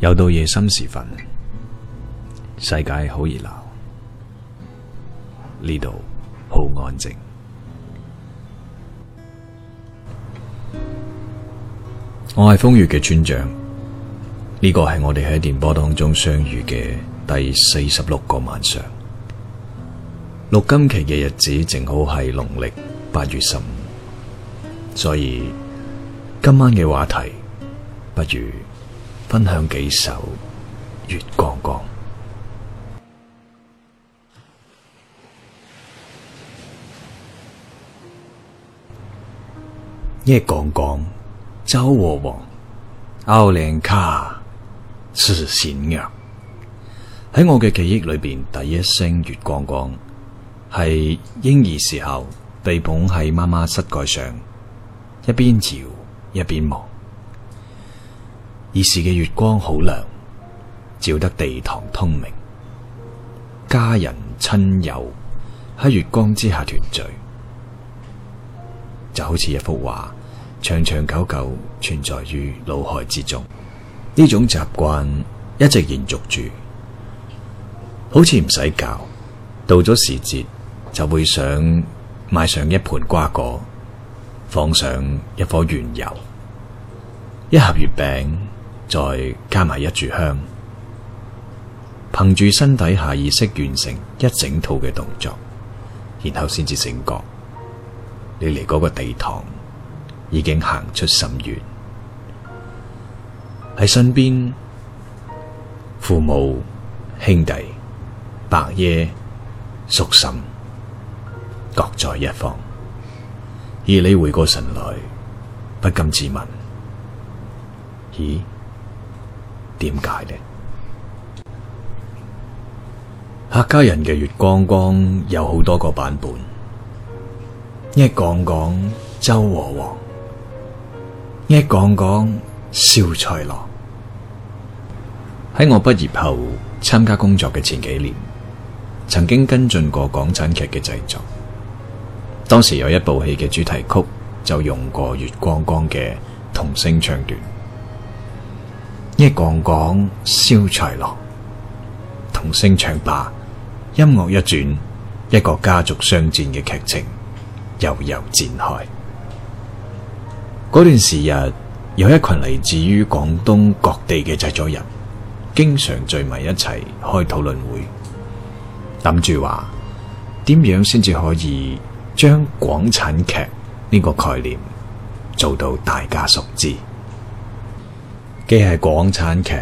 又到夜深時分，世界好熱鬧，呢度好安靜。我係瘋粵嘅村長，呢、呢個係我哋喺電波當中相遇嘅第四十六個晚上。錄今期嘅日子正好係農曆八月十五，所以今晚嘅話題不如。分享幾首月光光，月光光，照禾黃，月光光，拗蓮卡，娶新娘。喺我嘅記憶裏面，第一聲月光光係嬰兒時候，被捧喺媽媽膝蓋上，一邊搖一邊望。兒時嘅月光好亮，照得地堂通明。家人親友喺月光之下團聚，就好似一幅畫，長長久久存在於腦海之中。呢種習慣一直延續住，好似唔使教，到咗時節就會想買上一盤瓜果，放上一顆圓柚，一盒月餅。再加埋一炷香，憑住身體下意識完成一整套嘅動作，然後先至醒覺。你嚟嗰個地堂已經行出甚遠，喺身邊父母、兄弟、伯爺、叔嬸各在一方，而你回過神來，不禁自問：咦？點解咧？客家人嘅月光光有好多個版本，月光光照禾黃，月光光秀才郎。喺我畢業後參加工作嘅前幾年，曾經跟進過港產劇嘅製作，當時有一部戲嘅主題曲就用過月光光嘅童聲唱段。一講講消才樂，童聲唱罷。音樂一轉，一個家族商戰嘅劇情悠悠展開。嗰段時日，有一群嚟自於廣東各地嘅製作人，經常聚埋一齊開討論會，諗住話點樣先至可以將廣產劇呢個概念做到大家熟知。既係廣產劇，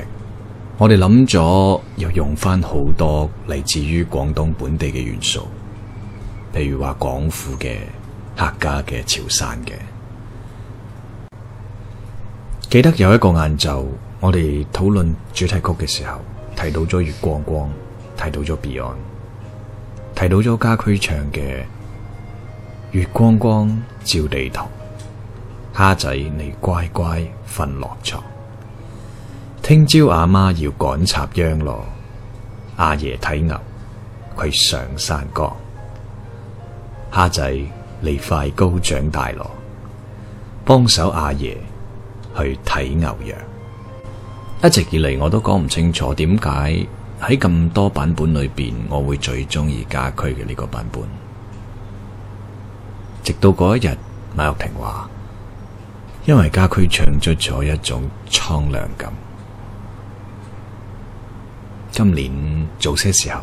我哋諗咗又用翻好多嚟自於廣東本地嘅元素，譬如話廣府嘅、客家嘅、潮汕嘅。記得有一個晏晝，我哋討論主題曲嘅時候，提到咗《月光光》，提到咗 Beyond，提到咗家駒唱嘅《月光光照地堂》，蝦仔你乖乖瞓落床。聽朝阿媽要趕插秧咯，阿爺睇牛，佢上山崗，蝦仔你快高長大咯，幫手阿爺去睇牛羊。一直以嚟我都講唔清楚點解喺咁多版本裏邊，我會最中意家駒嘅呢個版本。直到嗰一日，馬玉亭話，因為家駒唱出咗一種蒼涼感。今年早些時候，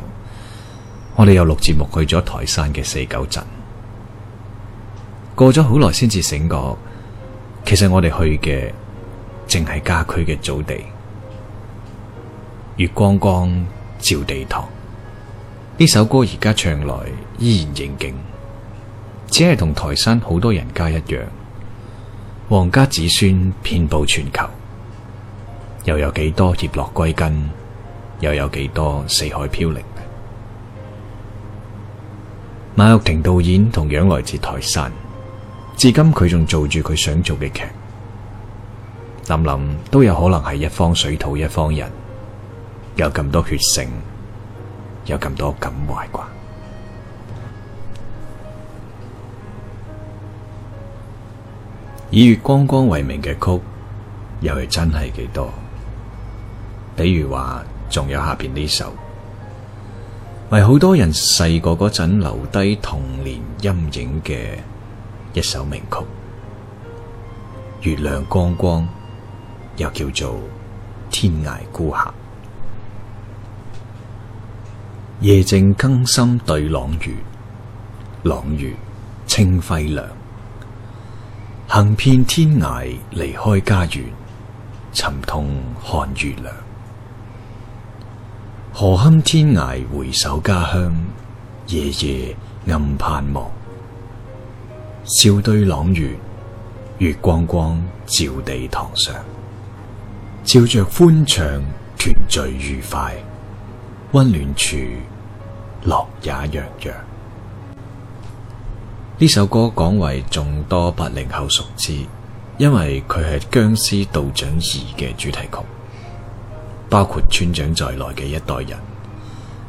我哋又錄節目去咗台山嘅四九鎮，過咗好耐先至醒覺。其實我哋去嘅正係家駒嘅祖地，月光光照地堂。呢首歌而家唱來依然應景，只係同台山好多人家一樣，黃家子孫遍布全球，又有幾多葉落歸根？又有幾多四海飄零？馬玉亭導演同樣來自台山，至今佢仲做住佢想做嘅劇。諗諗都有可能係一方水土一方人，有咁多血性，有咁多感懷啩。以月光光為名嘅曲，又係真係幾多？比如話。仲有下邊呢首，為好多人細個嗰陣留低童年陰影嘅一首名曲《月亮光光》，又叫做《天涯孤客》。夜靜更深對朗月，朗月清輝亮，行遍天涯離開家園，沉痛看月亮。.何堪天涯回首家鄉，夜夜暗盼，盼望。笑對朗月，月光光照地堂上，照着歡暢團敘愉快，溫暖處樂也洋洋。呢首歌廣為眾多八零後熟知，因為佢係《僵屍道長二》嘅主題曲。包括村長在內嘅一代人，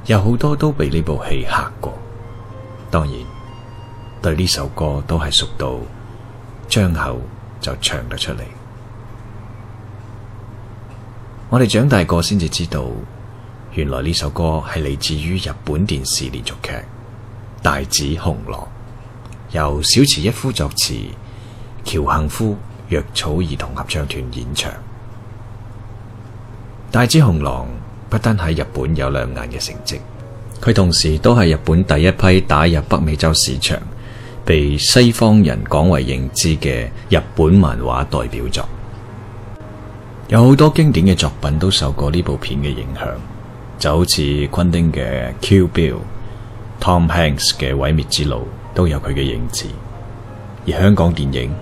有好多都被呢部戲嚇過。當然，對呢首歌都係熟到張口就唱得出嚟。我哋長大過先至知道，原來呢首歌係嚟自於日本電視連續劇《帶子雄狼》，由小池一夫作詞，橋幸夫、若草兒童合唱團演唱。《帶子雄狼》不單喺日本有亮眼嘅成績，佢同時都係日本第一批打入北美洲市場、被西方人廣為認知嘅日本漫畫代表作。有好多經典嘅作品都受過呢部片嘅影響，就好似昆汀嘅《Q Bill》，Tom Hanks 嘅《毀滅之路》都有佢嘅影子。而香港電影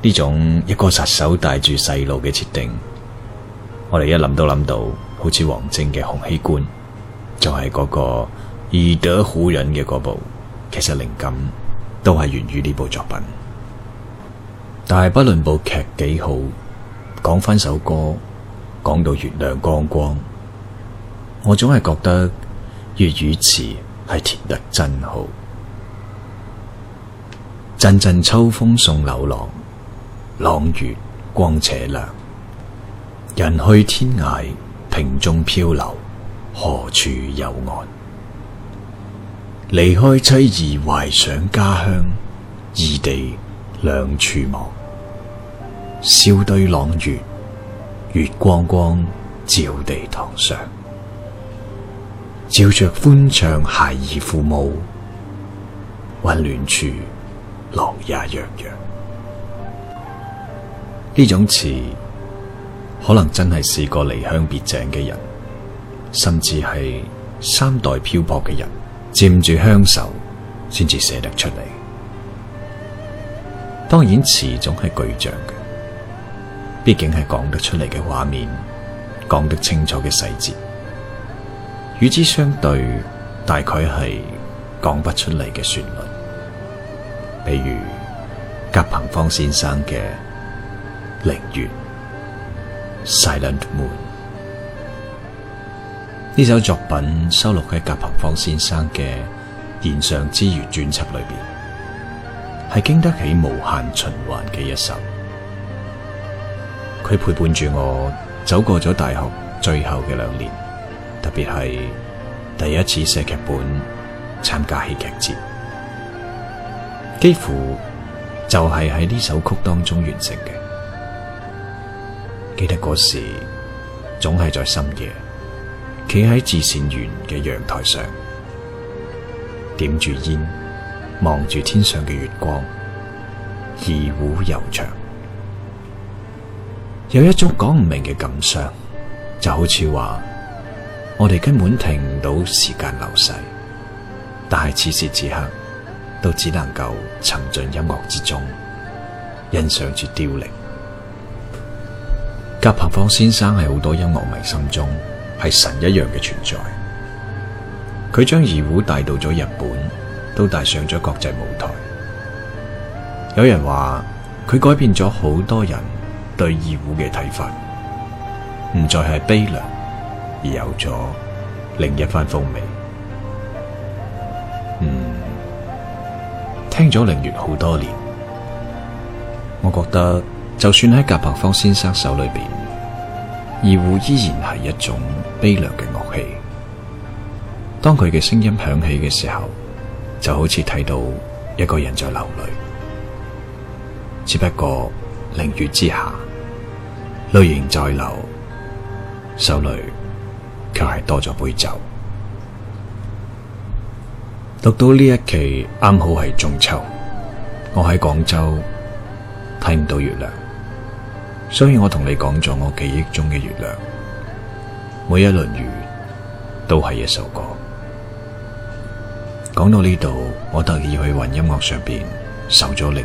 呢種一個殺手帶住細路嘅設定。我哋一諗都諗到，好似王晶嘅《洪熙官》，就係、是、嗰、那個以德服人嘅嗰部，其實靈感都係源於呢部作品。但係不論部劇幾好，講翻首歌，講到月亮光光，我總係覺得粵語詞係填得真好。陣陣秋風送柳浪，朗月光且亮。人去天涯，萍蹤飄流，何處有岸？離開妻兒，懷想家鄉，異地兩處望。笑對朗月，月光光，照地堂上，照着歡暢孩兒父母，溫暖處爺爺爺爺爺爺，樂也洋洋。呢種詞。可能真係試過離鄉別井嘅人，甚至係三代漂泊嘅人，沾住鄉愁先至寫得出嚟。當然，詞總係具象嘅，畢竟係講得出嚟嘅畫面，講得清楚嘅細節。與之相對，大概係講不出嚟嘅旋律。比如賈鵬芳先生嘅《寧月》。《Silent Moon》呢首作品收錄喺賈鵬芳先生嘅《弦上之月》專輯裏邊，係經得起無限循環嘅一首。佢陪伴住我走過咗大學最後嘅兩年，特別係第一次寫劇本、參加戲劇節，幾乎就係喺呢首曲當中完成嘅。記得嗰時，總係在深夜，企喺至善園嘅陽台上，點住煙，望住天上嘅月光，二胡悠長，有一種講唔明嘅感傷，就好似話我哋根本停唔到時間流逝，但係此時此刻，都只能夠沉浸音樂之中，欣賞住凋零。賈鵬芳先生喺好多音樂迷心中係神一樣嘅存在，佢將二胡帶到咗日本，都帶上咗國際舞台。有人話佢改變咗好多人對二胡嘅睇法，唔再係悲涼，而有咗另一番風味。嗯，聽咗《寧月》好多年，我覺得。就算喺賈鵬芳先生手裏邊，二胡依然係一種悲涼嘅樂器。當佢嘅聲音響起嘅時候，就好似睇到一個人在流淚。只不過，寧月之下，淚仍在流，手裏卻係多咗杯酒。錄到呢一期，啱好係中秋，我喺廣州睇唔到月亮。所以我同你講咗我記憶中嘅月亮，每一輪月都係一首歌。講到呢度，我特意去雲音樂上邊搜咗《寧月》，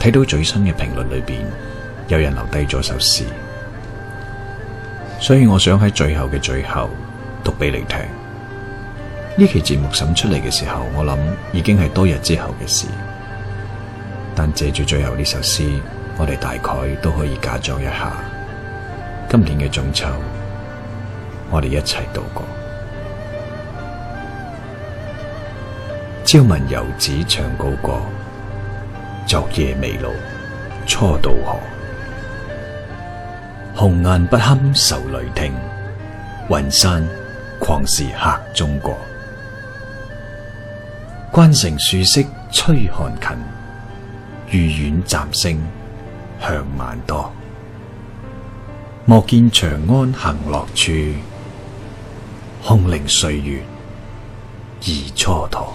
睇到最新嘅評論裏邊有人留低咗首詩，所以我想喺最後嘅最後讀俾你聽。呢期節目審出嚟嘅時候，我諗已經係多日之後嘅事，但借住最後呢首詩。我哋大概都可以假裝一下，今年嘅中秋，我哋一齊度過。朝聞遊子唱高歌，歌，昨夜微露初渡河。鴻雁不堪愁裏聽，雲山況是客中過。關城樹色催寒近，御苑砧聲。向晚多，莫見長安行樂處，空令歲月易蹉跎。